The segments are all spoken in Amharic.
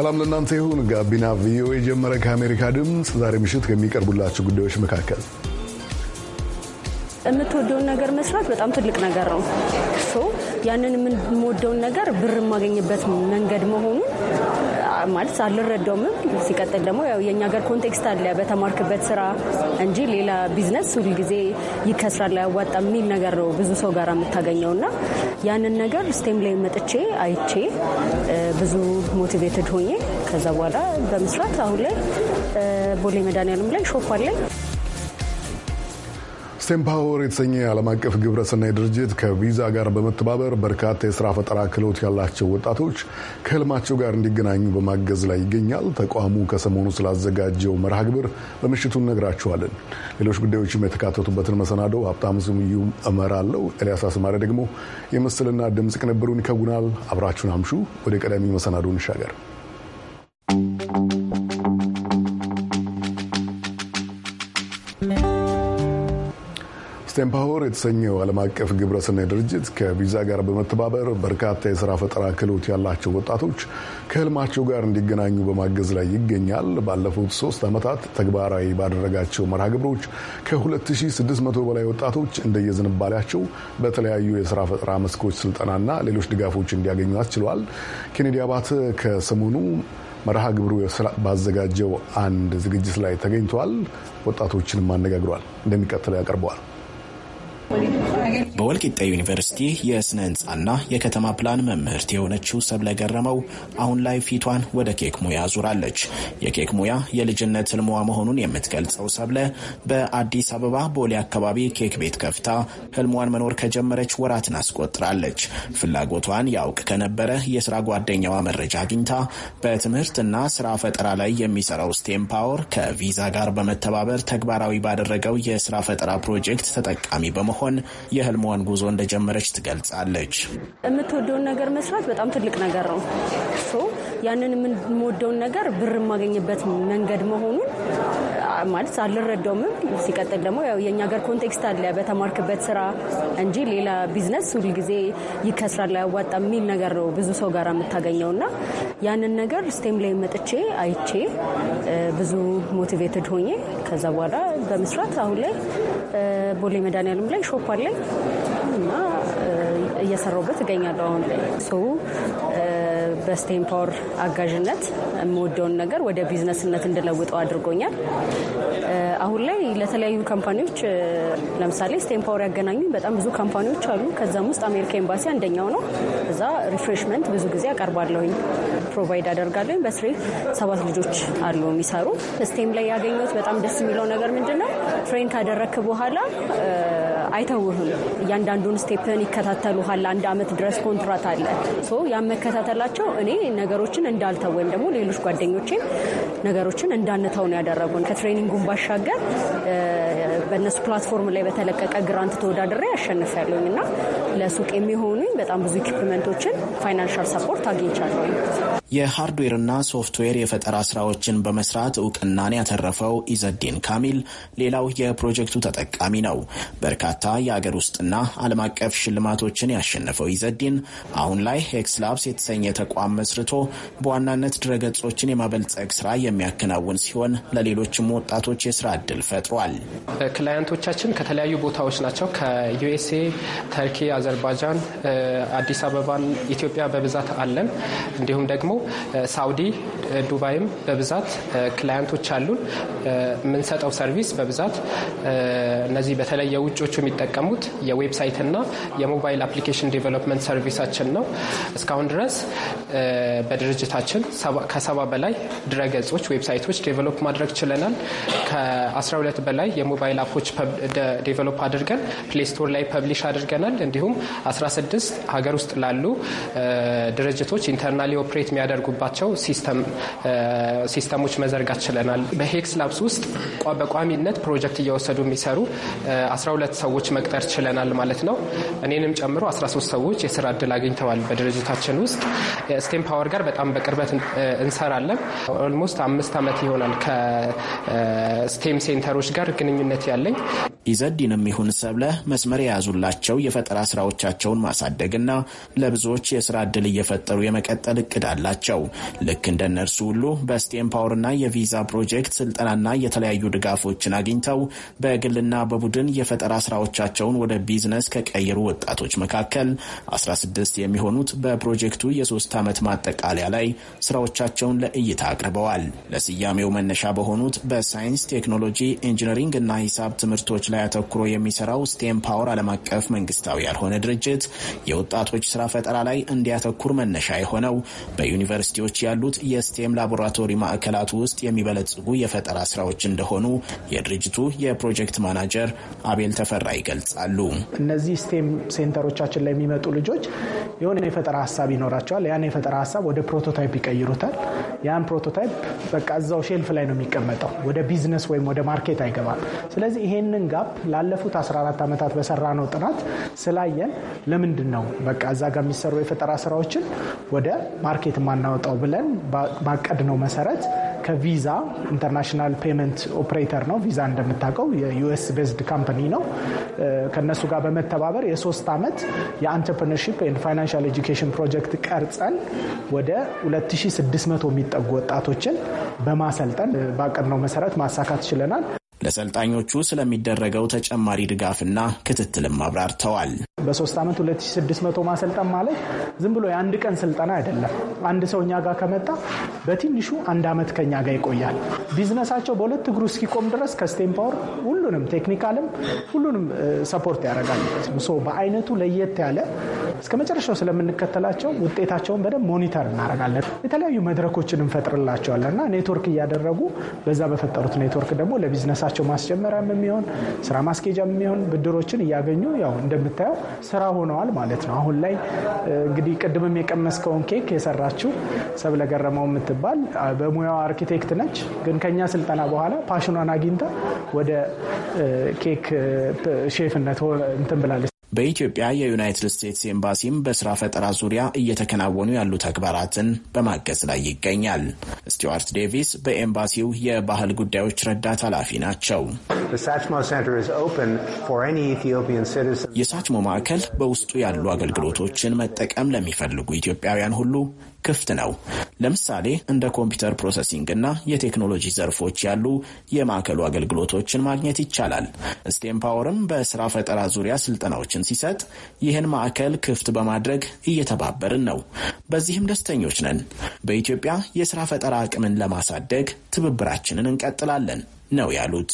ሰላም ለእናንተ ይሁን። ጋቢና ቪኦኤ ጀመረ። ከአሜሪካ ድምፅ ዛሬ ምሽት ከሚቀርቡላቸው ጉዳዮች መካከል የምትወደውን ነገር መስራት በጣም ትልቅ ነገር ነው። ሶ ያንን የምንወደውን ነገር ብር የማገኝበት መንገድ መሆኑን ማለት አልረዳውም። ሲቀጥል ደግሞ የእኛ ሀገር ኮንቴክስት አለ። በተማርክበት ስራ እንጂ ሌላ ቢዝነስ ሁልጊዜ ይከስራል፣ አያዋጣም የሚል ነገር ነው ብዙ ሰው ጋር የምታገኘው እና ያንን ነገር ስቴም ላይ መጥቼ አይቼ ብዙ ሞቲቬትድ ሆኜ ከዛ በኋላ በመስራት አሁን ላይ ቦሌ መድኃኒዓለም ላይ ሾፕ አለኝ። ስቴምፓወር የተሰኘ የዓለም አቀፍ ግብረሰናይ ድርጅት ከቪዛ ጋር በመተባበር በርካታ የስራ ፈጠራ ክህሎት ያላቸው ወጣቶች ከህልማቸው ጋር እንዲገናኙ በማገዝ ላይ ይገኛል። ተቋሙ ከሰሞኑ ስላዘጋጀው መርሃ ግብር በምሽቱ እነግራችኋለን። ሌሎች ጉዳዮችም የተካተቱበትን መሰናዶ ሀብታሙ ስዩም እመራለሁ። ኤልያስ አስማሪ ደግሞ የምስልና ድምፅ ቅንብሩን ይከውናል። አብራችሁን አምሹ። ወደ ቀዳሚ መሰናዶ እንሻገር። ስቴምፓወር የተሰኘው ዓለም አቀፍ ግብረሰናይ ድርጅት ከቪዛ ጋር በመተባበር በርካታ የስራ ፈጠራ ክህሎት ያላቸው ወጣቶች ከህልማቸው ጋር እንዲገናኙ በማገዝ ላይ ይገኛል። ባለፉት ሶስት ዓመታት ተግባራዊ ባደረጋቸው መርሃ ግብሮች ከ2600 በላይ ወጣቶች እንደየዝንባሌያቸው በተለያዩ የስራ ፈጠራ መስኮች ስልጠናና ሌሎች ድጋፎች እንዲያገኙ አስችሏል። ኬኔዲ አባተ ከሰሞኑ መርሃ ግብሩ ባዘጋጀው አንድ ዝግጅት ላይ ተገኝተዋል። ወጣቶችንም አነጋግሯል። እንደሚቀጥለው ያቀርበዋል። 我给你。በወልቂጤ ዩኒቨርሲቲ የስነ ህንፃና የከተማ ፕላን መምህርት የሆነችው ሰብለ ገረመው አሁን ላይ ፊቷን ወደ ኬክ ሙያ አዙራለች። የኬክ ሙያ የልጅነት ህልሟ መሆኑን የምትገልጸው ሰብለ በአዲስ አበባ ቦሌ አካባቢ ኬክ ቤት ከፍታ ህልሟን መኖር ከጀመረች ወራትን አስቆጥራለች። ፍላጎቷን ያውቅ ከነበረ የስራ ጓደኛዋ መረጃ አግኝታ በትምህርትና ስራ ፈጠራ ላይ የሚሰራው ስቴም ፓወር ከቪዛ ጋር በመተባበር ተግባራዊ ባደረገው የስራ ፈጠራ ፕሮጀክት ተጠቃሚ በመሆን የህልሟ የህይወቷን ጉዞ እንደጀመረች ትገልጻለች። የምትወደውን ነገር መስራት በጣም ትልቅ ነገር ነው። ያንን የምንወደውን ነገር ብር የማገኝበት መንገድ መሆኑን ማለት አልረዳውም። ሲቀጥል ደግሞ የእኛ ሀገር ኮንቴክስት አለ። በተማርክበት ስራ እንጂ ሌላ ቢዝነስ ሁልጊዜ ይከስራል፣ አያዋጣ የሚል ነገር ነው ብዙ ሰው ጋር የምታገኘው እና ያንን ነገር ስቴም ላይ መጥቼ አይቼ ብዙ ሞቲቬትድ ሆኜ ከዛ በኋላ በመስራት አሁን ላይ ቦሌ መድኃኒዓለም ላይ ሾፕ አለ እና እየሰራሁበት እገኛለሁ። አሁን ላይ ሰው በስቴም ፓወር አጋዥነት የምወደውን ነገር ወደ ቢዝነስነት እንድለውጠው አድርጎኛል። አሁን ላይ ለተለያዩ ካምፓኒዎች ለምሳሌ ስቴም ፓወር ያገናኙ በጣም ብዙ ካምፓኒዎች አሉ። ከዛም ውስጥ አሜሪካ ኤምባሲ አንደኛው ነው። እዛ ሪፍሬሽመንት ብዙ ጊዜ አቀርባለሁኝ። ፕሮቫይድ አደርጋለሁ። በስሬ ሰባት ልጆች አሉ የሚሰሩ። ስቴም ላይ ያገኘሁት በጣም ደስ የሚለው ነገር ምንድን ነው ትሬን ካደረክ በኋላ አይተውህም። እያንዳንዱን ስቴፕን ይከታተሉሃል። አንድ አመት ድረስ ኮንትራት አለ። ያን መከታተላቸው እኔ ነገሮችን እንዳልተው ወይም ደግሞ ሌሎች ጓደኞቼም ነገሮችን እንዳንተው ነው ያደረጉን ከትሬኒንጉን ባሻገር በእነሱ ፕላትፎርም ላይ በተለቀቀ ግራንት ተወዳድሬ ያሸንፍ ያለኝ እና ለሱቅ የሚሆኑኝ በጣም ብዙ ኢኩፕመንቶችን ፋይናንሻል ሰፖርት አግኝቻለሁኝ። የሃርድዌርና ሶፍትዌር የፈጠራ ስራዎችን በመስራት እውቅናን ያተረፈው ኢዘዴን ካሚል ሌላው የፕሮጀክቱ ተጠቃሚ ነው። በርካታ የአገር ውስጥና ዓለም አቀፍ ሽልማቶችን ያሸነፈው ኢዘዴን አሁን ላይ ሄክስላብስ የተሰኘ ተቋም መስርቶ በዋናነት ድረገጾችን የማበልጸግ ስራ የሚያከናውን ሲሆን ለሌሎችም ወጣቶች የስራ እድል ፈጥሯል። ክላያንቶቻችን ከተለያዩ ቦታዎች ናቸው። ከዩኤስኤ፣ ተርኪ፣ አዘርባይጃን፣ አዲስ አበባን፣ ኢትዮጵያ በብዛት አለን። እንዲሁም ደግሞ ሳውዲ፣ ዱባይም በብዛት ክላያንቶች አሉን። የምንሰጠው ሰርቪስ በብዛት እነዚህ በተለይ የውጮቹ የሚጠቀሙት የዌብሳይትና የሞባይል አፕሊኬሽን ዴቨሎፕመንት ሰርቪሳችን ነው። እስካሁን ድረስ በድርጅታችን ከሰባ በላይ ድረገጾች ዌብሳይቶች ዴቨሎፕ ማድረግ ችለናል። ከ12 በላይ የሞባይል አፖች ዴቨሎፕ አድርገን ፕሌስቶር ላይ ፐብሊሽ አድርገናል። እንዲሁም 16 ሀገር ውስጥ ላሉ ድርጅቶች ኢንተርናሊ ኦፕሬት የሚያደርጉባቸው ሲስተሞች መዘርጋት ችለናል። በሄክስ ላብስ ውስጥ በቋሚነት ፕሮጀክት እየወሰዱ የሚሰሩ 12 ሰዎች መቅጠር ችለናል ማለት ነው። እኔንም ጨምሮ 13 ሰዎች የስራ እድል አግኝተዋል። በድርጅታችን ውስጥ ስቴም ፓወር ጋር በጣም በቅርበት እንሰራለን። ኦልሞስት አምስት ዓመት ይሆናል ከስቴም ሴንተሮች ጋር ግንኙነት ያለ ስላለኝ ኢዘዲንም ይሁን ሰብለ መስመር የያዙላቸው የፈጠራ ስራዎቻቸውን ማሳደግና ለብዙዎች የስራ እድል እየፈጠሩ የመቀጠል እቅድ አላቸው። ልክ እንደ እነርሱ ሁሉ በስቴም ፓወርና የቪዛ ፕሮጀክት ስልጠናና የተለያዩ ድጋፎችን አግኝተው በግልና በቡድን የፈጠራ ስራዎቻቸውን ወደ ቢዝነስ ከቀየሩ ወጣቶች መካከል 16 የሚሆኑት በፕሮጀክቱ የሶስት ዓመት ማጠቃለያ ላይ ስራዎቻቸውን ለእይታ አቅርበዋል። ለስያሜው መነሻ በሆኑት በሳይንስ ቴክኖሎጂ፣ ኢንጂነሪንግ እና ሂሳብ ሂሳብ ትምህርቶች ላይ አተኩሮ የሚሰራው ስቴም ፓወር ዓለም አቀፍ መንግስታዊ ያልሆነ ድርጅት የወጣቶች ስራ ፈጠራ ላይ እንዲያተኩር መነሻ የሆነው በዩኒቨርሲቲዎች ያሉት የስቴም ላቦራቶሪ ማዕከላት ውስጥ የሚበለጽጉ የፈጠራ ስራዎች እንደሆኑ የድርጅቱ የፕሮጀክት ማናጀር አቤል ተፈራ ይገልጻሉ። እነዚህ ስቴም ሴንተሮቻችን ላይ የሚመጡ ልጆች የሆነ የፈጠራ ሀሳብ ይኖራቸዋል። ያን የፈጠራ ሀሳብ ወደ ፕሮቶታይፕ ይቀይሩታል። ያን ፕሮቶታይፕ በቃ እዛው ሼልፍ ላይ ነው የሚቀመጠው። ወደ ቢዝነስ ወይም ወደ ማርኬት አይገባም። ስለዚህ ይሄንን ጋፕ ላለፉት 14 ዓመታት በሰራ ነው ጥናት ስላየን ለምንድን ነው በቃ እዛ ጋር የሚሰሩ የፈጠራ ስራዎችን ወደ ማርኬት ማናወጣው ብለን ባቀድ ነው መሰረት ከቪዛ ኢንተርናሽናል ፔመንት ኦፕሬተር ነው። ቪዛ እንደምታውቀው የዩኤስ ቤዝድ ካምፓኒ ነው። ከነሱ ጋር በመተባበር የሶስት ዓመት ን ፋይናንሽል ኤጁኬሽን ፕሮጀክት ቀርጸን ወደ 2600 የሚጠጉ ወጣቶችን በማሰልጠን ባቀድነው መሰረት ማሳካት ችለናል። ለሰልጣኞቹ ስለሚደረገው ተጨማሪ ድጋፍና ክትትልም አብራርተዋል። በሶስት ዓመት 2600 ማሰልጠን ማለት ዝም ብሎ የአንድ ቀን ስልጠና አይደለም። አንድ ሰው እኛ ጋር ከመጣ በትንሹ አንድ ዓመት ከኛ ጋር ይቆያል። ቢዝነሳቸው በሁለት እግሩ እስኪቆም ድረስ ከስቴም ፓወር ሁሉንም ቴክኒካልም ሁሉንም ሰፖርት ያደርጋል። ሶ በአይነቱ ለየት ያለ እስከ መጨረሻው ስለምንከተላቸው ውጤታቸውን በደንብ ሞኒተር እናደርጋለን። የተለያዩ መድረኮችን እንፈጥርላቸዋለን እና ኔትወርክ እያደረጉ በዛ በፈጠሩት ኔትወርክ ደግሞ ለቢዝነሳቸው ማስጀመሪያም የሚሆን ስራ ማስኬጃም የሚሆን ብድሮችን እያገኙ ያው እንደምታየው ስራ ሆነዋል ማለት ነው። አሁን ላይ እንግዲህ ቅድምም የቀመስከውን ኬክ የሰራችው ሰብለ ገረመው የምትባል በሙያዋ አርኪቴክት ነች። ግን ከኛ ስልጠና በኋላ ፓሽኗን አግኝታ ወደ ኬክ ሼፍነት እንትን ብላለች በኢትዮጵያ የዩናይትድ ስቴትስ ኤምባሲም በስራ ፈጠራ ዙሪያ እየተከናወኑ ያሉ ተግባራትን በማገዝ ላይ ይገኛል። ስቲዋርት ዴቪስ በኤምባሲው የባህል ጉዳዮች ረዳት ኃላፊ ናቸው። የሳችሞ ማዕከል በውስጡ ያሉ አገልግሎቶችን መጠቀም ለሚፈልጉ ኢትዮጵያውያን ሁሉ ክፍት ነው። ለምሳሌ እንደ ኮምፒውተር ፕሮሰሲንግ እና የቴክኖሎጂ ዘርፎች ያሉ የማዕከሉ አገልግሎቶችን ማግኘት ይቻላል። ስቴምፓወርም ፓወርም በስራ ፈጠራ ዙሪያ ስልጠናዎችን አገልግሎቶችን ሲሰጥ ይህን ማዕከል ክፍት በማድረግ እየተባበርን ነው። በዚህም ደስተኞች ነን። በኢትዮጵያ የስራ ፈጠራ አቅምን ለማሳደግ ትብብራችንን እንቀጥላለን። ነው ያሉት።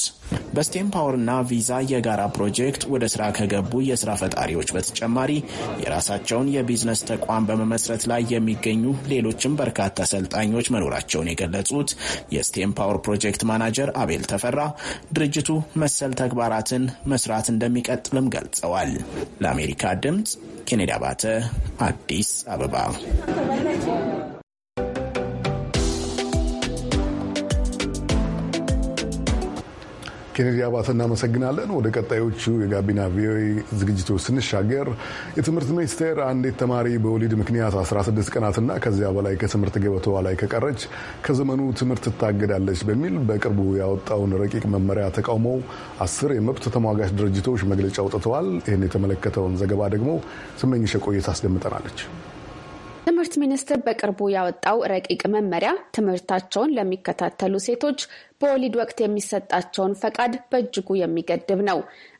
በስቴም ፓወርና ቪዛ የጋራ ፕሮጀክት ወደ ስራ ከገቡ የስራ ፈጣሪዎች በተጨማሪ የራሳቸውን የቢዝነስ ተቋም በመመስረት ላይ የሚገኙ ሌሎችም በርካታ ሰልጣኞች መኖራቸውን የገለጹት የስቴም ፓወር ፕሮጀክት ማናጀር አቤል ተፈራ ድርጅቱ መሰል ተግባራትን መስራት እንደሚቀጥልም ገልጸዋል። ለአሜሪካ ድምፅ ኬኔዲ አባተ አዲስ አበባ ኬኔዲ አባት እናመሰግናለን። ወደ ቀጣዮቹ የጋቢና ቪኦኤ ዝግጅቶች ስንሻገር የትምህርት ሚኒስቴር አንዲት ተማሪ በወሊድ ምክንያት 16 ቀናትና ከዚያ በላይ ከትምህርት ገበታዋ ላይ ከቀረች ከዘመኑ ትምህርት ትታገዳለች በሚል በቅርቡ ያወጣውን ረቂቅ መመሪያ ተቃውመው አስር የመብት ተሟጋች ድርጅቶች መግለጫ አውጥተዋል። ይህን የተመለከተውን ዘገባ ደግሞ ስመኝሽ ቆየት አስደምጠናለች። ትምህርት ሚኒስቴር በቅርቡ ያወጣው ረቂቅ መመሪያ ትምህርታቸውን ለሚከታተሉ ሴቶች በወሊድ ወቅት የሚሰጣቸውን ፈቃድ በእጅጉ የሚገድብ ነው።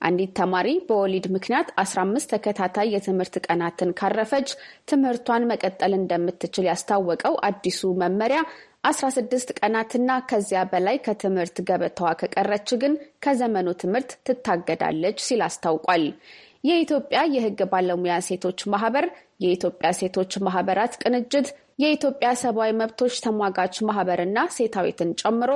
አንዲት ተማሪ በወሊድ ምክንያት 15 ተከታታይ የትምህርት ቀናትን ካረፈች ትምህርቷን መቀጠል እንደምትችል ያስታወቀው አዲሱ መመሪያ 16 ቀናትና ከዚያ በላይ ከትምህርት ገበታዋ ከቀረች ግን ከዘመኑ ትምህርት ትታገዳለች ሲል አስታውቋል። የኢትዮጵያ የሕግ ባለሙያ ሴቶች ማህበር፣ የኢትዮጵያ ሴቶች ማህበራት ቅንጅት፣ የኢትዮጵያ ሰብአዊ መብቶች ተሟጋች ማህበርና ሴታዊትን ጨምሮ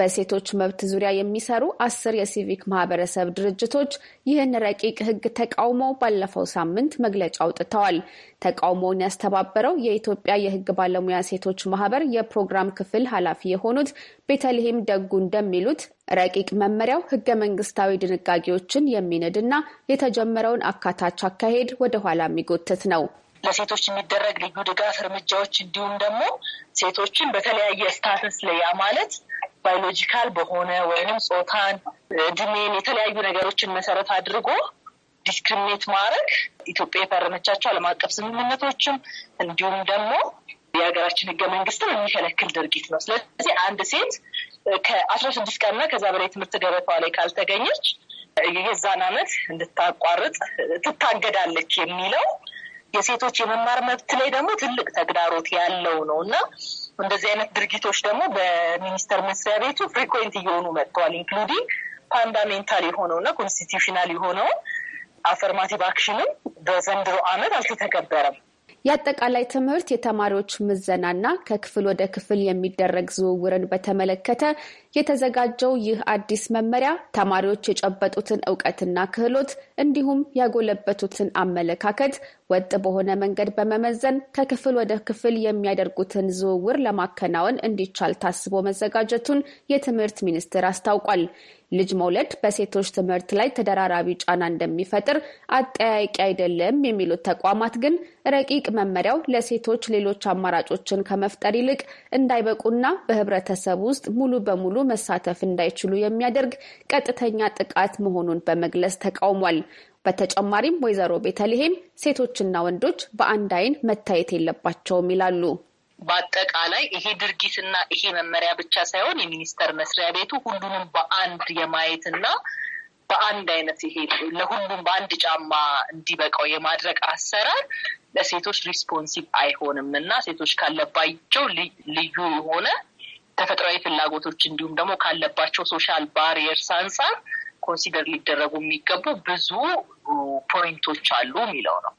በሴቶች መብት ዙሪያ የሚሰሩ አስር የሲቪክ ማህበረሰብ ድርጅቶች ይህን ረቂቅ ሕግ ተቃውሞ ባለፈው ሳምንት መግለጫ አውጥተዋል። ተቃውሞውን ያስተባበረው የኢትዮጵያ የሕግ ባለሙያ ሴቶች ማህበር የፕሮግራም ክፍል ኃላፊ የሆኑት ቤተልሔም ደጉ እንደሚሉት ረቂቅ መመሪያው ህገ መንግስታዊ ድንጋጌዎችን የሚንድና የተጀመረውን አካታች አካሄድ ወደኋላ የሚጎትት ነው። ለሴቶች የሚደረግ ልዩ ድጋፍ እርምጃዎች እንዲሁም ደግሞ ሴቶችን በተለያየ ስታተስ ለያ ማለት ባዮሎጂካል በሆነ ወይም ጾታን፣ እድሜን፣ የተለያዩ ነገሮችን መሰረት አድርጎ ዲስክሪሚኔት ማድረግ ኢትዮጵያ የፈረመቻቸው ዓለም አቀፍ ስምምነቶችም እንዲሁም ደግሞ የሀገራችን ህገ መንግስትም የሚከለክል ድርጊት ነው። ስለዚህ አንድ ሴት ከአስራ ስድስት ቀንና ከዛ በላይ ትምህርት ገበታዋ ላይ ካልተገኘች የዛን ዓመት እንድታቋርጥ ትታገዳለች የሚለው የሴቶች የመማር መብት ላይ ደግሞ ትልቅ ተግዳሮት ያለው ነው እና እንደዚህ አይነት ድርጊቶች ደግሞ በሚኒስቴር መስሪያ ቤቱ ፍሪኩዌንት እየሆኑ መጥተዋል። ኢንክሉዲንግ ፋንዳሜንታል የሆነውና ኮንስቲቱሽናል የሆነው አፈርማቲቭ አክሽንም በዘንድሮ ዓመት አልተተገበረም። የአጠቃላይ ትምህርት የተማሪዎች ምዘናና ከክፍል ወደ ክፍል የሚደረግ ዝውውርን በተመለከተ የተዘጋጀው ይህ አዲስ መመሪያ ተማሪዎች የጨበጡትን እውቀትና ክህሎት እንዲሁም ያጎለበቱትን አመለካከት ወጥ በሆነ መንገድ በመመዘን ከክፍል ወደ ክፍል የሚያደርጉትን ዝውውር ለማከናወን እንዲቻል ታስቦ መዘጋጀቱን የትምህርት ሚኒስቴር አስታውቋል። ልጅ መውለድ በሴቶች ትምህርት ላይ ተደራራቢ ጫና እንደሚፈጥር አጠያቂ አይደለም የሚሉት ተቋማት ግን ረቂቅ መመሪያው ለሴቶች ሌሎች አማራጮችን ከመፍጠር ይልቅ እንዳይበቁና በህብረተሰብ ውስጥ ሙሉ በሙሉ መሳተፍ እንዳይችሉ የሚያደርግ ቀጥተኛ ጥቃት መሆኑን በመግለጽ ተቃውሟል። በተጨማሪም ወይዘሮ ቤተልሔም ሴቶችና ወንዶች በአንድ ዓይን መታየት የለባቸውም ይላሉ። በአጠቃላይ ይሄ ድርጊትና ይሄ መመሪያ ብቻ ሳይሆን የሚኒስቴር መስሪያ ቤቱ ሁሉንም በአንድ የማየትና በአንድ አይነት ይሄ ለሁሉም በአንድ ጫማ እንዲበቃው የማድረግ አሰራር ለሴቶች ሪስፖንሲቭ አይሆንም እና ሴቶች ካለባቸው ልዩ የሆነ ተፈጥሯዊ ፍላጎቶች እንዲሁም ደግሞ ካለባቸው ሶሻል ባሪየርስ አንጻር ኮንሲደር ሊደረጉ የሚገቡ ብዙ ፖይንቶች አሉ የሚለው ነው።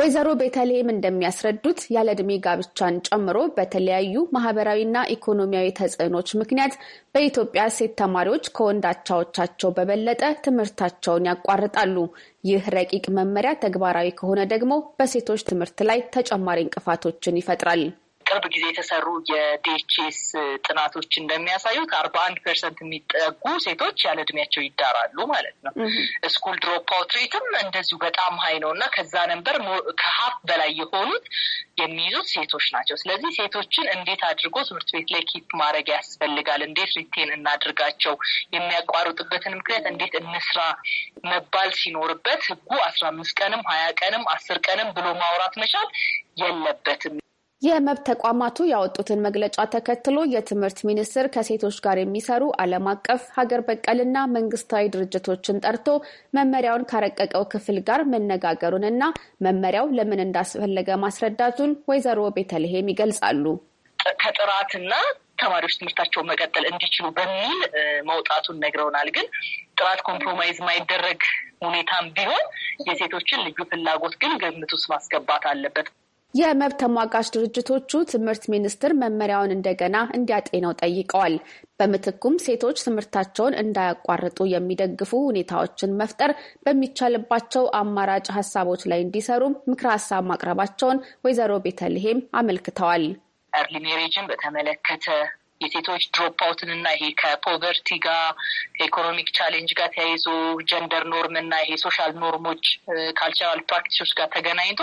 ወይዘሮ ቤተልሔም እንደሚያስረዱት ያለ ዕድሜ ጋብቻን ጨምሮ በተለያዩ ማህበራዊና ኢኮኖሚያዊ ተጽዕኖች ምክንያት በኢትዮጵያ ሴት ተማሪዎች ከወንዳቻዎቻቸው በበለጠ ትምህርታቸውን ያቋርጣሉ። ይህ ረቂቅ መመሪያ ተግባራዊ ከሆነ ደግሞ በሴቶች ትምህርት ላይ ተጨማሪ እንቅፋቶችን ይፈጥራል። ቅርብ ጊዜ የተሰሩ የዲኤችኤስ ጥናቶች እንደሚያሳዩት አርባ አንድ ፐርሰንት የሚጠጉ ሴቶች ያለ እድሜያቸው ይዳራሉ ማለት ነው። ስኩል ድሮፕ አውት ሬትም እንደዚሁ በጣም ሀይ ነው እና ከዛ ነንበር ከሀፍ በላይ የሆኑት የሚይዙት ሴቶች ናቸው። ስለዚህ ሴቶችን እንዴት አድርጎ ትምህርት ቤት ላይ ኪፕ ማድረግ ያስፈልጋል፣ እንዴት ሪቴን እናድርጋቸው፣ የሚያቋርጡበትን ምክንያት እንዴት እንስራ መባል ሲኖርበት ህጉ አስራ አምስት ቀንም ሀያ ቀንም አስር ቀንም ብሎ ማውራት መቻል የለበትም። የመብት ተቋማቱ ያወጡትን መግለጫ ተከትሎ የትምህርት ሚኒስቴር ከሴቶች ጋር የሚሰሩ ዓለም አቀፍ ሀገር በቀልና መንግስታዊ ድርጅቶችን ጠርቶ መመሪያውን ካረቀቀው ክፍል ጋር መነጋገሩንና መመሪያው ለምን እንዳስፈለገ ማስረዳቱን ወይዘሮ ቤተልሔም ይገልጻሉ። ከጥራትና ተማሪዎች ትምህርታቸውን መቀጠል እንዲችሉ በሚል መውጣቱን ነግረውናል። ግን ጥራት ኮምፕሮማይዝ ማይደረግ ሁኔታም ቢሆን የሴቶችን ልዩ ፍላጎት ግን ግምት ውስጥ ማስገባት አለበት። የመብት ተሟጋች ድርጅቶቹ ትምህርት ሚኒስቴር መመሪያውን እንደገና እንዲያጤነው ጠይቀዋል። በምትኩም ሴቶች ትምህርታቸውን እንዳያቋርጡ የሚደግፉ ሁኔታዎችን መፍጠር በሚቻልባቸው አማራጭ ሀሳቦች ላይ እንዲሰሩም ምክረ ሀሳብ ማቅረባቸውን ወይዘሮ ቤተልሔም አመልክተዋል። እርሊ ሜሬጅን በተመለከተ የሴቶች ድሮፕ አውትን እና ይሄ ከፖቨርቲ ጋር ከኢኮኖሚክ ቻሌንጅ ጋር ተያይዞ ጀንደር ኖርም እና ይሄ ሶሻል ኖርሞች ካልቸራል ፕራክቲሶች ጋር ተገናኝቶ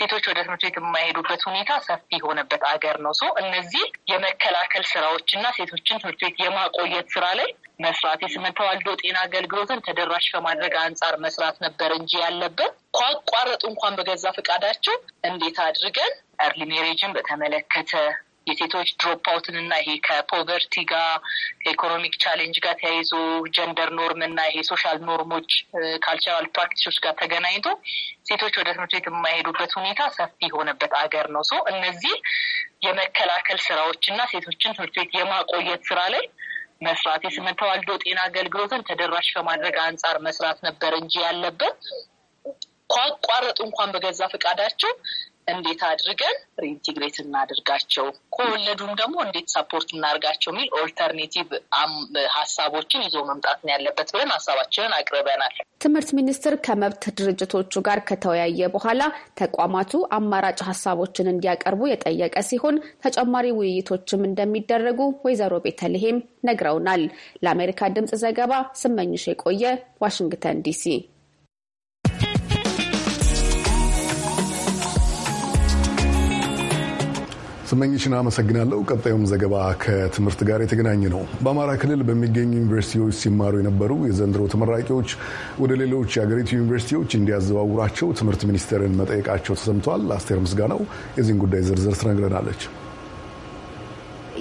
ሴቶች ወደ ትምህርት ቤት የማይሄዱበት ሁኔታ ሰፊ የሆነበት አገር ነው። ሶ እነዚህ የመከላከል ስራዎች እና ሴቶችን ትምህርት ቤት የማቆየት ስራ ላይ መስራት የስነ ተዋልዶ ጤና አገልግሎትን ተደራሽ ከማድረግ አንጻር መስራት ነበር እንጂ ያለብን ቋቋረጡ እንኳን በገዛ ፈቃዳቸው እንዴት አድርገን እርሊ ሜሬጅን በተመለከተ የሴቶች ድሮፕ አውትን እና ይሄ ከፖቨርቲ ጋር ከኢኮኖሚክ ቻሌንጅ ጋር ተያይዞ ጀንደር ኖርም እና ይሄ ሶሻል ኖርሞች ካልቸራል ፕራክቲሶች ጋር ተገናኝቶ ሴቶች ወደ ትምህርት ቤት የማይሄዱበት ሁኔታ ሰፊ የሆነበት አገር ነው። ሶ እነዚህ የመከላከል ስራዎች እና ሴቶችን ትምህርት ቤት የማቆየት ስራ ላይ መስራት የስነ ተዋልዶ ጤና አገልግሎትን ተደራሽ ከማድረግ አንጻር መስራት ነበር እንጂ ያለበት ካቋረጡ እንኳን በገዛ ፈቃዳቸው እንዴት አድርገን ሪኢንቲግሬት እናድርጋቸው፣ ከወለዱም ደግሞ እንዴት ሰፖርት እናድርጋቸው የሚል ኦልተርኔቲቭ ሀሳቦችን ይዞ መምጣት ነው ያለበት ብለን ሀሳባችንን አቅርበናል። ትምህርት ሚኒስቴር ከመብት ድርጅቶቹ ጋር ከተወያየ በኋላ ተቋማቱ አማራጭ ሀሳቦችን እንዲያቀርቡ የጠየቀ ሲሆን ተጨማሪ ውይይቶችም እንደሚደረጉ ወይዘሮ ቤተልሔም ነግረውናል። ለአሜሪካ ድምጽ ዘገባ ስመኝሽ የቆየ ዋሽንግተን ዲሲ ስመኝሽን አመሰግናለሁ። ቀጣዩም ዘገባ ከትምህርት ጋር የተገናኘ ነው። በአማራ ክልል በሚገኙ ዩኒቨርሲቲዎች ሲማሩ የነበሩ የዘንድሮ ተመራቂዎች ወደ ሌሎች የአገሪቱ ዩኒቨርሲቲዎች እንዲያዘዋውራቸው ትምህርት ሚኒስቴርን መጠየቃቸው ተሰምቷል። አስቴር ምስጋናው የዚህን ጉዳይ ዝርዝር ትነግረናለች።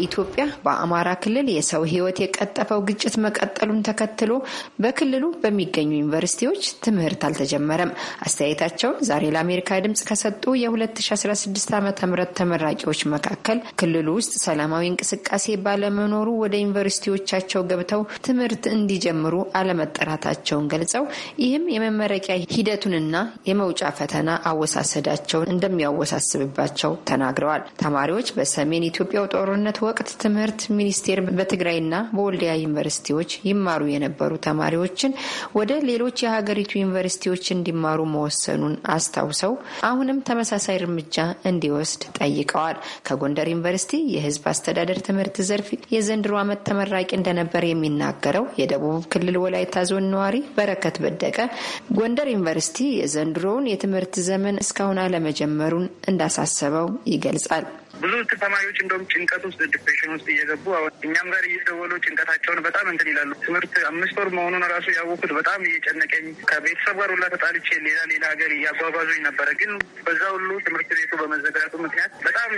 ኢትዮጵያ በአማራ ክልል የሰው ህይወት የቀጠፈው ግጭት መቀጠሉን ተከትሎ በክልሉ በሚገኙ ዩኒቨርሲቲዎች ትምህርት አልተጀመረም። አስተያየታቸውን ዛሬ ለአሜሪካ ድምጽ ከሰጡ የ2016 ዓ ም ተመራቂዎች መካከል ክልሉ ውስጥ ሰላማዊ እንቅስቃሴ ባለመኖሩ ወደ ዩኒቨርሲቲዎቻቸው ገብተው ትምህርት እንዲጀምሩ አለመጠራታቸውን ገልጸው ይህም የመመረቂያ ሂደቱንና የመውጫ ፈተና አወሳሰዳቸውን እንደሚያወሳስብባቸው ተናግረዋል። ተማሪዎች በሰሜን ኢትዮጵያው ጦርነት ወቅት ትምህርት ሚኒስቴር በትግራይና በወልዲያ ዩኒቨርሲቲዎች ይማሩ የነበሩ ተማሪዎችን ወደ ሌሎች የሀገሪቱ ዩኒቨርሲቲዎች እንዲማሩ መወሰኑን አስታውሰው አሁንም ተመሳሳይ እርምጃ እንዲወስድ ጠይቀዋል። ከጎንደር ዩኒቨርሲቲ የህዝብ አስተዳደር ትምህርት ዘርፍ የዘንድሮ ዓመት ተመራቂ እንደነበር የሚናገረው የደቡብ ክልል ወላይታ ዞን ነዋሪ በረከት በደቀ ጎንደር ዩኒቨርሲቲ የዘንድሮውን የትምህርት ዘመን እስካሁን አለመጀመሩን እንዳሳሰበው ይገልጻል። ብዙ ተማሪዎች እንደውም ጭንቀት ውስጥ ዲፕሬሽን ውስጥ እየገቡ እኛም ጋር እየደወሉ ጭንቀታቸውን በጣም እንትን ይላሉ። ትምህርት አምስት ወር መሆኑን ራሱ ያወኩት በጣም እየጨነቀኝ ከቤተሰብ ጋር ሁላ ተጣልቼ ሌላ ሌላ ሀገር እያጓጓዙኝ ነበረ። ግን በዛ ሁሉ ትምህርት ቤቱ በመዘጋቱ ምክንያት በጣም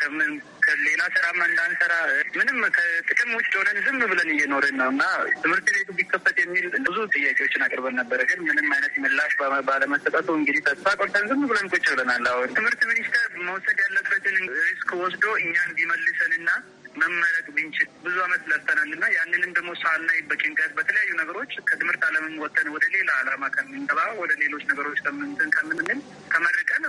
ከምን ከሌላ ስራም እንዳንሰራ ምንም ከጥቅም ውጭ ሆነን ዝም ብለን እየኖርን ነው እና ትምህርት ቤቱ ቢከፈት የሚል ብዙ ጥያቄዎችን አቅርበን ነበረ። ግን ምንም አይነት ምላሽ ባለመሰጠቱ እንግዲህ ተስፋ ቆርጠን ዝም ብለን ቁጭ ብለናል። አሁን ትምህርት ሚኒስቴር መውሰድ ያለበትን ሪስክ ወስዶ እኛን ቢመልሰንና መመረቅ ብንችል ብዙ አመት ለፍተናል እና ያንንም ደግሞ ሳናይ በጭንቀት በተለያዩ ነገሮች ከትምህርት ዓለምን ወተን ወደ ሌላ አላማ ከምንገባ ወደ ሌሎች ነገሮች ከምንትን ከምንል ከመርቀን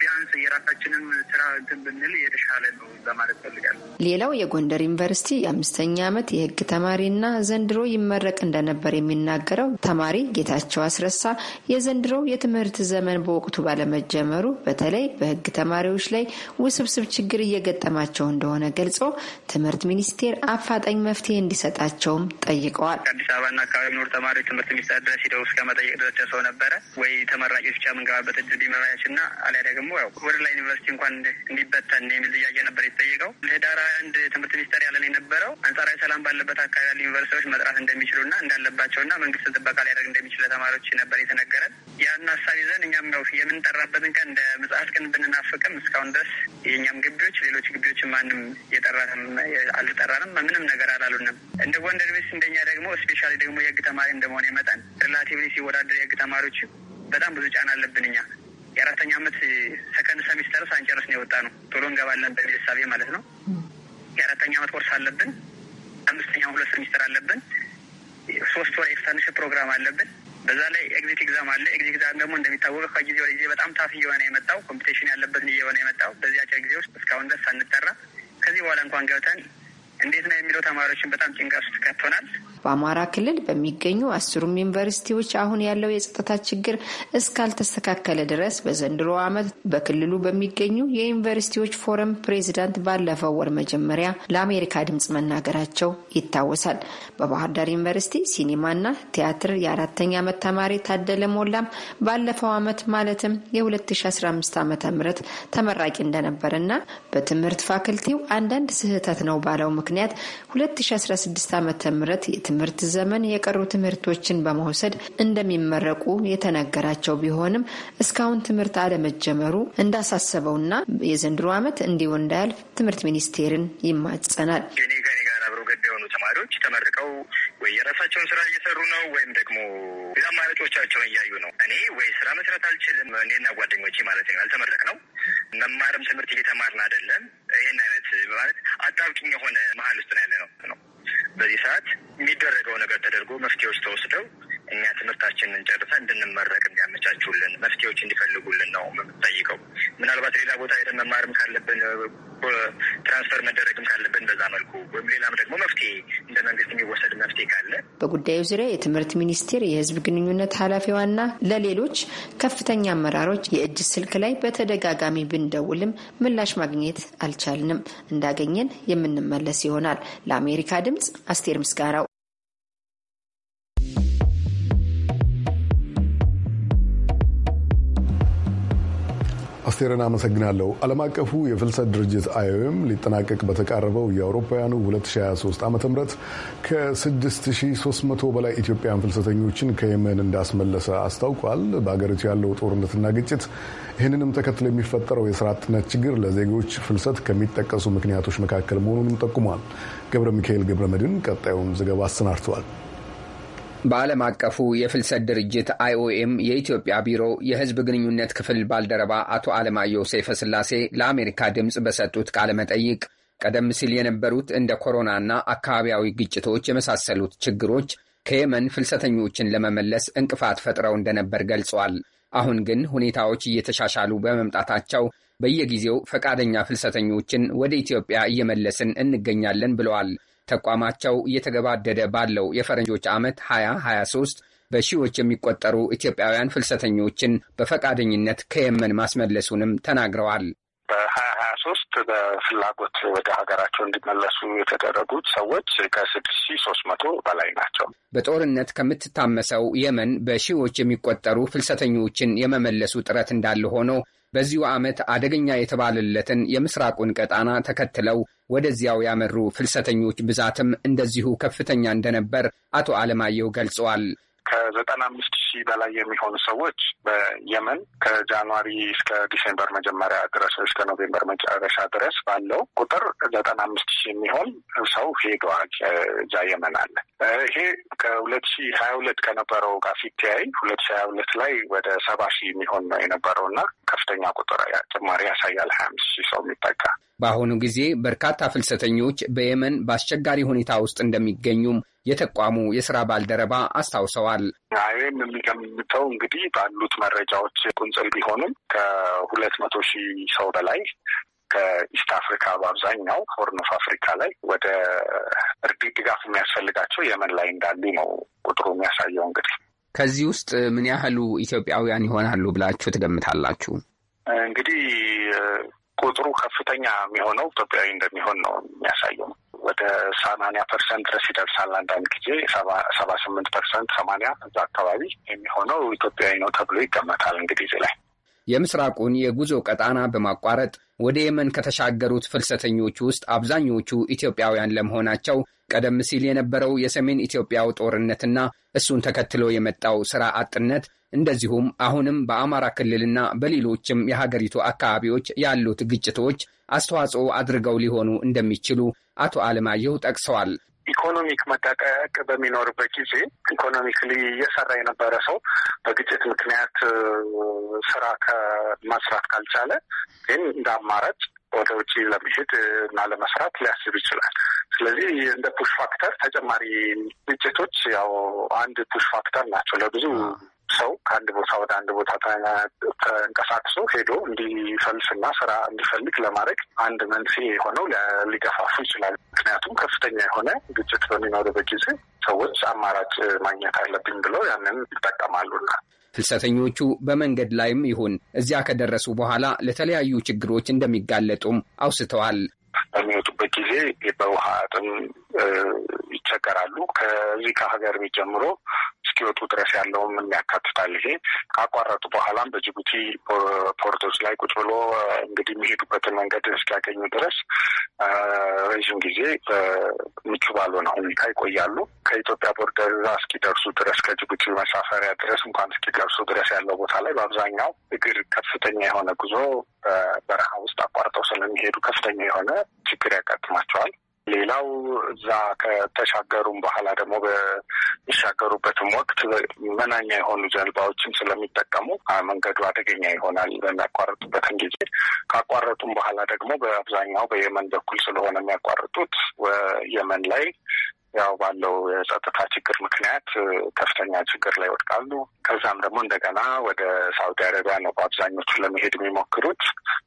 ቢያንስ የራሳችንን ስራ እንትን ብንል የተሻለ ነው ለማለት ፈልጋለሁ። ሌላው የጎንደር ዩኒቨርሲቲ የአምስተኛ ዓመት የህግ ተማሪና ዘንድሮ ይመረቅ እንደነበር የሚናገረው ተማሪ ጌታቸው አስረሳ የዘንድሮው የትምህርት ዘመን በወቅቱ ባለመጀመሩ በተለይ በህግ ተማሪዎች ላይ ውስብስብ ችግር እየገጠማቸው እንደሆነ ገልጾ ትምህርት ሚኒስቴር አፋጣኝ መፍትሄ እንዲሰጣቸውም ጠይቀዋል። ከአዲስ አበባና አካባቢ የሚኖሩ ተማሪዎች ትምህርት ሚኒስቴር ድረስ ሂደው እስከ መጠየቅ ድረስ ደርሰው ነበረ ወይ ተመራቂዎች ብቻ የምንገባበት እድል ቢመራች ና አሊያ ደግሞ ያው ወደ ላይ ዩኒቨርሲቲ እንኳን እንዲበተን የሚል ጥያቄ ነበር የተጠየቀው። ለህዳር አንድ ትምህርት ሚኒስቴር ያለን የነበረው አንጻራዊ ሰላም ባለበት አካባቢ ያሉ ዩኒቨርሲቲዎች መጥራት እንደሚችሉ ና እንዳለባቸው ና መንግስት ጥበቃ ሊያደርግ እንደሚችል ለተማሪዎች ነበር የተነገረን። ያን ሀሳብ ይዘን እኛም ያው የምንጠራበትን ቀን እንደ መጽሐፍ ቀን ብንናፍቅም እስካሁን ድረስ የእኛም ግቢዎች ሌሎች ግቢዎች ማንም የጠራ አልጠራንም አልጠራንም ምንም ነገር አላሉንም። እንደ ጎንደር ቤስ እንደኛ ደግሞ ስፔሻሊ ደግሞ የህግ ተማሪ እንደመሆነ ይመጣን ሪላቲቭሊ ሲወዳደር የህግ ተማሪዎች በጣም ብዙ ጫና አለብን እኛ የአራተኛ ዓመት ሰከንድ ሰሚስተር ሳንጨርስ ነው የወጣ ነው። ቶሎ እንገባለን በሚል ሳቤ ማለት ነው። የአራተኛ ዓመት ኮርስ አለብን። አምስተኛ ሁለት ሰሚስተር አለብን። ሶስት ወር ኤክስተርንሽፕ ፕሮግራም አለብን። በዛ ላይ ኤግዚት ኤግዛም አለ። ኤግዚት ኤግዛም ደግሞ እንደሚታወቀው ከጊዜ ወደ ጊዜ በጣም ታፍ እየሆነ የመጣው ኮምፒቴሽን ያለበት እየሆነ የመጣው በዚህ አጭር ጊዜ ውስጥ እስካሁን ድረስ አንጠራ ከዚህ በኋላ እንኳን ገብተን እንዴት ነው የሚለው ተማሪዎችን በጣም ጭንቀት ውስጥ ከቶናል። በአማራ ክልል በሚገኙ አስሩም ዩኒቨርሲቲዎች አሁን ያለው የጸጥታ ችግር እስካልተስተካከለ ድረስ በዘንድሮ ዓመት በክልሉ በሚገኙ የዩኒቨርሲቲዎች ፎረም ፕሬዚዳንት ባለፈው ወር መጀመሪያ ለአሜሪካ ድምጽ መናገራቸው ይታወሳል። በባህር ዳር ዩኒቨርሲቲ ሲኒማና ቲያትር የአራተኛ ዓመት ተማሪ ታደለ ሞላም ባለፈው ዓመት ማለትም የ2015 ዓ ም ተመራቂ እንደነበረና በትምህርት ፋክልቲው አንዳንድ ስህተት ነው ባለው ምክንያት 2016 ዓ ም የትምህርት ዘመን የቀሩ ትምህርቶችን በመውሰድ እንደሚመረቁ የተነገራቸው ቢሆንም እስካሁን ትምህርት አለመጀመሩ እንዳሳሰበውና የዘንድሮ ዓመት እንዲሁ እንዳያልፍ ትምህርት ሚኒስቴርን ይማጸናል። የሆኑ ተማሪዎች ተመርቀው ወይ የራሳቸውን ስራ እየሰሩ ነው ወይም ደግሞ አማራጮቻቸውን እያዩ ነው። እኔ ወይ ስራ መስራት አልችልም፣ እኔና ጓደኞቼ ማለት ነው። ያልተመረቅ ነው መማርም ትምህርት እየተማርን አይደለም። ይህን አይነት ማለት አጣብቂኝ የሆነ መሀል ውስጥ ነው ያለ ነው ነው በዚህ ሰዓት የሚደረገው ነገር ተደርጎ መፍትሄዎች ተወስደው እኛ ትምህርታችንን ጨርሰን እንድንመረቅ እንዲያመቻቹልን መፍትሄዎች እንዲፈልጉልን ነው የምንጠይቀው። ምናልባት ሌላ ቦታ ሄደን መማርም ካለብን ትራንስፈር መደረግም ካለብን በዛ መልኩ ወይም ሌላም ደግሞ መፍትሄ እንደ መንግስት የሚወሰድ መፍትሄ ካለ በጉዳዩ ዙሪያ የትምህርት ሚኒስቴር የህዝብ ግንኙነት ኃላፊዋና ለሌሎች ከፍተኛ አመራሮች የእጅ ስልክ ላይ በተደጋጋሚ ብንደውልም ምላሽ ማግኘት አልቻልንም። እንዳገኘን የምንመለስ ይሆናል። ለአሜሪካ ድምጽ አስቴር ምስጋራው። አስቴርን አመሰግናለሁ። ዓለም አቀፉ የፍልሰት ድርጅት አይኦኤም ሊጠናቀቅ በተቃረበው የአውሮፓውያኑ 2023 ዓ ም ከ6300 በላይ ኢትዮጵያን ፍልሰተኞችን ከየመን እንዳስመለሰ አስታውቋል። በሀገሪቱ ያለው ጦርነትና ግጭት ይህንንም ተከትሎ የሚፈጠረው የስራ አጥነት ችግር ለዜጎች ፍልሰት ከሚጠቀሱ ምክንያቶች መካከል መሆኑንም ጠቁሟል። ገብረ ሚካኤል ገብረ መድን ቀጣዩን ዘገባ አሰናድተዋል። በዓለም አቀፉ የፍልሰት ድርጅት አይኦኤም የኢትዮጵያ ቢሮ የሕዝብ ግንኙነት ክፍል ባልደረባ አቶ አለማየሁ ሰይፈ ስላሴ ለአሜሪካ ድምፅ በሰጡት ቃለ መጠይቅ ቀደም ሲል የነበሩት እንደ ኮሮናና አካባቢያዊ ግጭቶች የመሳሰሉት ችግሮች ከየመን ፍልሰተኞችን ለመመለስ እንቅፋት ፈጥረው እንደነበር ገልጸዋል። አሁን ግን ሁኔታዎች እየተሻሻሉ በመምጣታቸው በየጊዜው ፈቃደኛ ፍልሰተኞችን ወደ ኢትዮጵያ እየመለስን እንገኛለን ብለዋል። ተቋማቸው እየተገባደደ ባለው የፈረንጆች ዓመት 2023 በሺዎች የሚቆጠሩ ኢትዮጵያውያን ፍልሰተኞችን በፈቃደኝነት ከየመን ማስመለሱንም ተናግረዋል። በሀያ ሀያ ሶስት በፍላጎት ወደ ሀገራቸው እንዲመለሱ የተደረጉት ሰዎች ከስድስት ሺ ሶስት መቶ በላይ ናቸው። በጦርነት ከምትታመሰው የመን በሺዎች የሚቆጠሩ ፍልሰተኞችን የመመለሱ ጥረት እንዳለ ሆኖ በዚሁ ዓመት አደገኛ የተባለለትን የምስራቁን ቀጣና ተከትለው ወደዚያው ያመሩ ፍልሰተኞች ብዛትም እንደዚሁ ከፍተኛ እንደነበር አቶ አለማየሁ ገልጸዋል። ከዘጠና አምስት ሺህ በላይ የሚሆኑ ሰዎች በየመን ከጃንዋሪ እስከ ዲሴምበር መጀመሪያ ድረስ እስከ ኖቬምበር መጨረሻ ድረስ ባለው ቁጥር ዘጠና አምስት ሺህ የሚሆን ሰው ሄደዋል። እዛ የመን አለ። ይሄ ከሁለት ሺህ ሀያ ሁለት ከነበረው ጋር ሲተያይ ሁለት ሺህ ሀያ ሁለት ላይ ወደ ሰባ ሺህ የሚሆን ነው የነበረው እና ከፍተኛ ቁጥር ጭማሪ ያሳያል። ሀያ አምስት ሺህ ሰው የሚጠጋ በአሁኑ ጊዜ በርካታ ፍልሰተኞች በየመን በአስቸጋሪ ሁኔታ ውስጥ እንደሚገኙም የተቋሙ የስራ ባልደረባ አስታውሰዋል። አይም የሚገምተው እንግዲህ ባሉት መረጃዎች ቁንጽል ቢሆንም ከሁለት መቶ ሺህ ሰው በላይ ከኢስት አፍሪካ በአብዛኛው ሆርን ኦፍ አፍሪካ ላይ ወደ እርዳታ ድጋፍ የሚያስፈልጋቸው የመን ላይ እንዳሉ ነው ቁጥሩ የሚያሳየው። እንግዲህ ከዚህ ውስጥ ምን ያህሉ ኢትዮጵያውያን ይሆናሉ ብላችሁ ትገምታላችሁ? እንግዲህ ቁጥሩ ከፍተኛ የሚሆነው ኢትዮጵያዊ እንደሚሆን ነው የሚያሳየው ነው ወደ ሰማንያ ፐርሰንት ድረስ ይደርሳል። አንዳንድ ጊዜ ሰባ ስምንት ፐርሰንት ሰማንያ እዛ አካባቢ የሚሆነው ኢትዮጵያዊ ነው ተብሎ ይገመታል። እንግዲህ ላይ የምስራቁን የጉዞ ቀጣና በማቋረጥ ወደ የመን ከተሻገሩት ፍልሰተኞቹ ውስጥ አብዛኞቹ ኢትዮጵያውያን ለመሆናቸው ቀደም ሲል የነበረው የሰሜን ኢትዮጵያው ጦርነትና እሱን ተከትሎ የመጣው ስራ አጥነት እንደዚሁም አሁንም በአማራ ክልልና በሌሎችም የሀገሪቱ አካባቢዎች ያሉት ግጭቶች አስተዋጽኦ አድርገው ሊሆኑ እንደሚችሉ አቶ አለማየሁ ጠቅሰዋል። ኢኮኖሚክ መጠቀቅ በሚኖርበት ጊዜ ኢኮኖሚክሊ እየሰራ የነበረ ሰው በግጭት ምክንያት ስራ ከመስራት ካልቻለ ግን እንደ አማራጭ ወደ ውጭ ለመሄድ እና ለመስራት ሊያስብ ይችላል። ስለዚህ እንደ ፑሽ ፋክተር ተጨማሪ ግጭቶች ያው አንድ ፑሽ ፋክተር ናቸው ለብዙ ሰው ከአንድ ቦታ ወደ አንድ ቦታ ተንቀሳቅሶ ሄዶ እንዲፈልስና ስራ እንዲፈልግ ለማድረግ አንድ መንስኤ የሆነው ሊገፋፉ ይችላል። ምክንያቱም ከፍተኛ የሆነ ግጭት በሚኖርበት ጊዜ ሰዎች አማራጭ ማግኘት አለብኝ ብለው ያንን ይጠቀማሉና ፍልሰተኞቹ በመንገድ ላይም ይሁን እዚያ ከደረሱ በኋላ ለተለያዩ ችግሮች እንደሚጋለጡም አውስተዋል። በሚወጡበት ጊዜ በውሃ ጥም ይቸገራሉ። ከዚህ ከሀገር ቤት ጀምሮ እስኪወጡ ድረስ ያለውም የሚያካትታል። ይሄ ካቋረጡ በኋላም በጅቡቲ ፖርቶች ላይ ቁጭ ብሎ እንግዲህ የሚሄዱበትን መንገድ እስኪያገኙ ድረስ ረዥም ጊዜ ምቹ ባልሆነ ሁኔታ ይቆያሉ። ከኢትዮጵያ ቦርደር እስኪደርሱ ድረስ ከጅቡቲ መሳፈሪያ ድረስ እንኳን እስኪደርሱ ድረስ ያለው ቦታ ላይ በአብዛኛው እግር ከፍተኛ የሆነ ጉዞ በረሃ ውስጥ አቋርጠው ስለሚሄዱ ከፍተኛ የሆነ ችግር ያጋጥማቸዋል። ሌላው እዛ ከተሻገሩም በኋላ ደግሞ በሚሻገሩበትም ወቅት መናኛ የሆኑ ጀልባዎችን ስለሚጠቀሙ መንገዱ አደገኛ ይሆናል በሚያቋርጡበትም ጊዜ። ካቋረጡም በኋላ ደግሞ በአብዛኛው በየመን በኩል ስለሆነ የሚያቋርጡት የመን ላይ ያው ባለው የጸጥታ ችግር ምክንያት ከፍተኛ ችግር ላይ ይወድቃሉ። ከዛም ደግሞ እንደገና ወደ ሳውዲ አረቢያ ነው በአብዛኞቹ ለመሄድ የሚሞክሩት።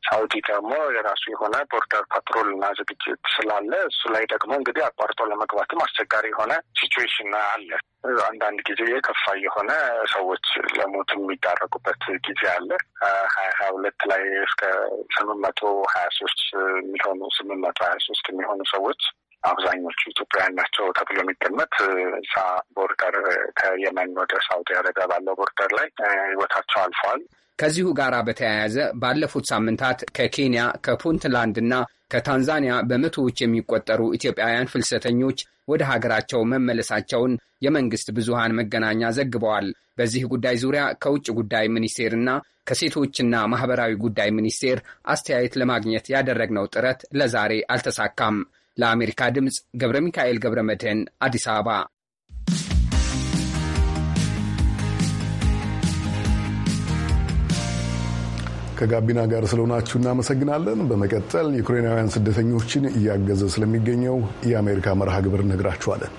ሳውዲ ደግሞ የራሱ የሆነ ቦርደር ፓትሮል እና ዝግጅት ስላለ እሱ ላይ ደግሞ እንግዲህ አቋርጦ ለመግባትም አስቸጋሪ የሆነ ሲትዌሽን አለ። አንዳንድ ጊዜ የከፋ የሆነ ሰዎች ለሞት የሚዳረጉበት ጊዜ አለ። ሀያ ሀያ ሁለት ላይ እስከ ስምንት መቶ ሀያ ሶስት የሚሆኑ ስምንት መቶ ሀያ ሶስት የሚሆኑ ሰዎች አብዛኞቹ ኢትዮጵያውያን ናቸው ተብሎ የሚገመት እዛ ቦርደር ከየመን ወደ ሳውዲ አረቢያ ባለው ቦርደር ላይ ህይወታቸው አልፈዋል። ከዚሁ ጋር በተያያዘ ባለፉት ሳምንታት ከኬንያ ከፑንትላንድ እና ከታንዛኒያ በመቶዎች የሚቆጠሩ ኢትዮጵያውያን ፍልሰተኞች ወደ ሀገራቸው መመለሳቸውን የመንግስት ብዙሃን መገናኛ ዘግበዋል። በዚህ ጉዳይ ዙሪያ ከውጭ ጉዳይ ሚኒስቴርና ከሴቶችና ማህበራዊ ጉዳይ ሚኒስቴር አስተያየት ለማግኘት ያደረግነው ጥረት ለዛሬ አልተሳካም። ለአሜሪካ ድምፅ ገብረ ሚካኤል ገብረ መድህን አዲስ አበባ። ከጋቢና ጋር ስለሆናችሁ እናመሰግናለን። በመቀጠል ዩክሬናውያን ስደተኞችን እያገዘ ስለሚገኘው የአሜሪካ መርሃ ግብር እነግራችኋለን።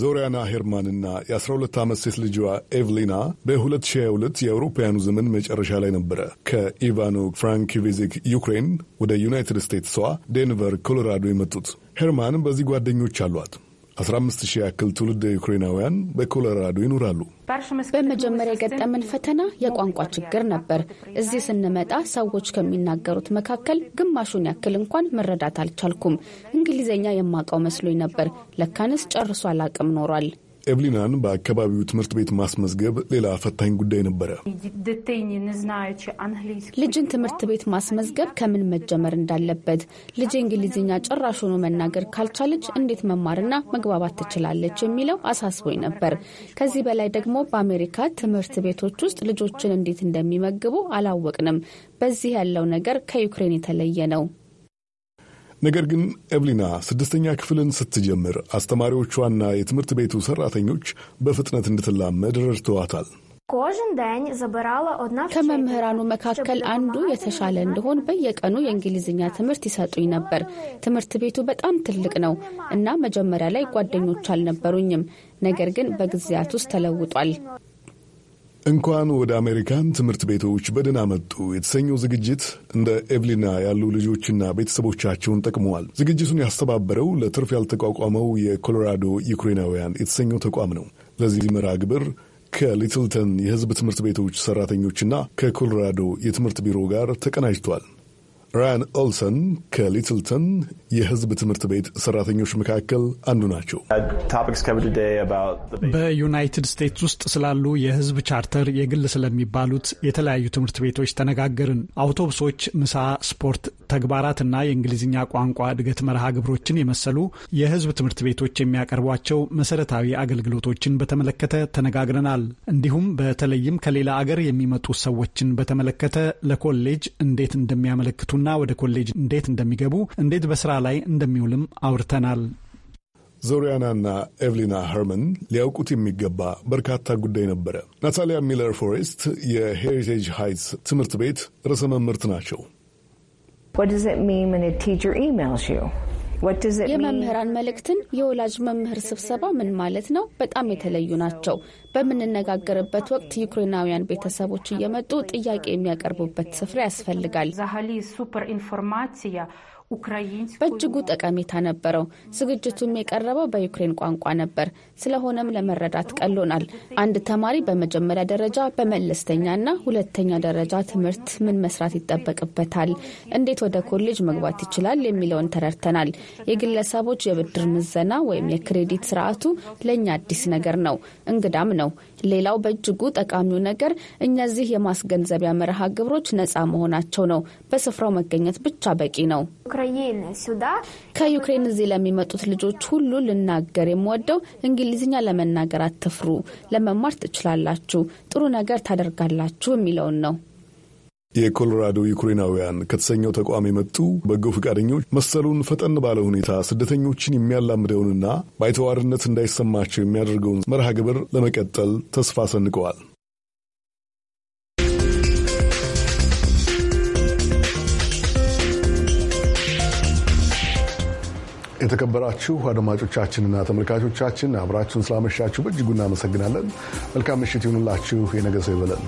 ዞሪያና ሄርማንና የ12 ዓመት ሴት ልጇ ኤቭሊና በ2022 የአውሮፓውያኑ ዘመን መጨረሻ ላይ ነበረ ከኢቫኖ ፍራንኪቪዚክ ዩክሬን ወደ ዩናይትድ ስቴትስዋ ዴንቨር ኮሎራዶ የመጡት። ሄርማን በዚህ ጓደኞች አሏት። 15 ሺህ ያክል ትውልድ ዩክሬናውያን በኮሎራዶ ይኖራሉ። በመጀመሪያ የገጠምን ፈተና የቋንቋ ችግር ነበር። እዚህ ስንመጣ ሰዎች ከሚናገሩት መካከል ግማሹን ያክል እንኳን መረዳት አልቻልኩም። እንግሊዝኛ የማውቀው መስሎኝ ነበር። ለካንስ ጨርሶ አላቅም ኖሯል። ኤቭሊናን በአካባቢው ትምህርት ቤት ማስመዝገብ ሌላ ፈታኝ ጉዳይ ነበረ። ልጅን ትምህርት ቤት ማስመዝገብ ከምን መጀመር እንዳለበት፣ ልጅ እንግሊዝኛ ጭራሽ ሆኖ መናገር ካልቻለች እንዴት መማርና መግባባት ትችላለች የሚለው አሳስቦኝ ነበር። ከዚህ በላይ ደግሞ በአሜሪካ ትምህርት ቤቶች ውስጥ ልጆችን እንዴት እንደሚመግቡ አላወቅንም። በዚህ ያለው ነገር ከዩክሬን የተለየ ነው። ነገር ግን ኤቭሊና ስድስተኛ ክፍልን ስትጀምር አስተማሪዎቿና የትምህርት ቤቱ ሰራተኞች በፍጥነት እንድትላመድ ረድተዋታል። ከመምህራኑ መካከል አንዱ የተሻለ እንደሆን በየቀኑ የእንግሊዝኛ ትምህርት ይሰጡኝ ነበር። ትምህርት ቤቱ በጣም ትልቅ ነው እና መጀመሪያ ላይ ጓደኞች አልነበሩኝም። ነገር ግን በጊዜያት ውስጥ ተለውጧል። እንኳን ወደ አሜሪካን ትምህርት ቤቶች በደህና መጡ የተሰኘው ዝግጅት እንደ ኤቭሊና ያሉ ልጆችና ቤተሰቦቻቸውን ጠቅመዋል። ዝግጅቱን ያስተባበረው ለትርፍ ያልተቋቋመው የኮሎራዶ ዩክሬናውያን የተሰኘው ተቋም ነው። ለዚህ ምራ ግብር ከሊትልተን የህዝብ ትምህርት ቤቶች ሰራተኞችና ከኮሎራዶ የትምህርት ቢሮ ጋር ተቀናጅቷል። ራያን ኦልሰን ከሊትልተን የህዝብ ትምህርት ቤት ሰራተኞች መካከል አንዱ ናቸው። በዩናይትድ ስቴትስ ውስጥ ስላሉ የህዝብ ቻርተር የግል ስለሚባሉት የተለያዩ ትምህርት ቤቶች ተነጋገርን። አውቶቡሶች፣ ምሳ፣ ስፖርት ተግባራትና የእንግሊዝኛ ቋንቋ እድገት መርሃ ግብሮችን የመሰሉ የህዝብ ትምህርት ቤቶች የሚያቀርቧቸው መሰረታዊ አገልግሎቶችን በተመለከተ ተነጋግረናል። እንዲሁም በተለይም ከሌላ አገር የሚመጡ ሰዎችን በተመለከተ ለኮሌጅ እንዴት እንደሚያመለክቱን ወደትምህርትና ወደ ኮሌጅ እንዴት እንደሚገቡ እንዴት በስራ ላይ እንደሚውልም አውርተናል። ዞሪያናና ኤቭሊና ኸርመን ሊያውቁት የሚገባ በርካታ ጉዳይ ነበረ። ናታሊያ ሚለር ፎሬስት የሄሪቴጅ ሃይትስ ትምህርት ቤት ርዕሰ መምህርት ናቸው። የመምህራን መልእክትን የወላጅ መምህር ስብሰባ ምን ማለት ነው? በጣም የተለዩ ናቸው። በምንነጋገርበት ወቅት ዩክሬናውያን ቤተሰቦች እየመጡ ጥያቄ የሚያቀርቡበት ስፍራ ያስፈልጋል። በእጅጉ ጠቀሜታ ነበረው። ዝግጅቱም የቀረበው በዩክሬን ቋንቋ ነበር። ስለሆነም ለመረዳት ቀሎናል። አንድ ተማሪ በመጀመሪያ ደረጃ፣ በመለስተኛና ሁለተኛ ደረጃ ትምህርት ምን መስራት ይጠበቅበታል፣ እንዴት ወደ ኮሌጅ መግባት ይችላል የሚለውን ተረድተናል። የግለሰቦች የብድር ምዘና ወይም የክሬዲት ስርዓቱ ለእኛ አዲስ ነገር ነው፣ እንግዳም ነው። ሌላው በእጅጉ ጠቃሚው ነገር እነዚህ የማስገንዘቢያ መርሃ ግብሮች ነፃ መሆናቸው ነው። በስፍራው መገኘት ብቻ በቂ ነው። ከዩክሬን እዚህ ለሚመጡት ልጆች ሁሉ ልናገር የምወደው እንግሊዝኛ ለመናገር አትፍሩ፣ ለመማር ትችላላችሁ፣ ጥሩ ነገር ታደርጋላችሁ የሚለውን ነው። የኮሎራዶ ዩክሬናውያን ከተሰኘው ተቋም የመጡ በጎ ፈቃደኞች መሰሉን ፈጠን ባለ ሁኔታ ስደተኞችን የሚያላምደውንና ባይተዋርነት እንዳይሰማቸው የሚያደርገውን መርሃ ግብር ለመቀጠል ተስፋ ሰንቀዋል። የተከበራችሁ አድማጮቻችንና ተመልካቾቻችን አብራችሁን ስላመሻችሁ በእጅጉ እናመሰግናለን። መልካም ምሽት ይሁንላችሁ። የነገ ሰው ይበለን።